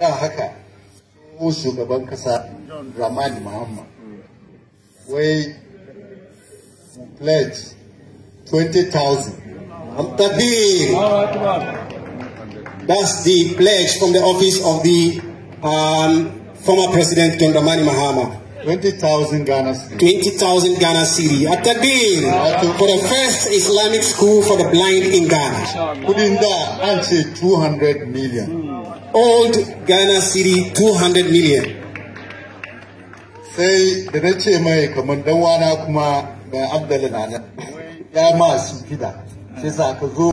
kan haka tsohon shugaban kasa john ramani muhammad wai pledge 20,000 that's the pledge from the office of the um, former president john ramani Mahama 20,000 Ghana City. 20,000 Ghana City. Atabir, for the first Islamic school for the blind in Ghana. Put in there and say 200 million. old Ghana city 200 million. Sai da na ce mai kamar dan wana kuma mai abdalin nan ya ma su fida. Sai sa ka zo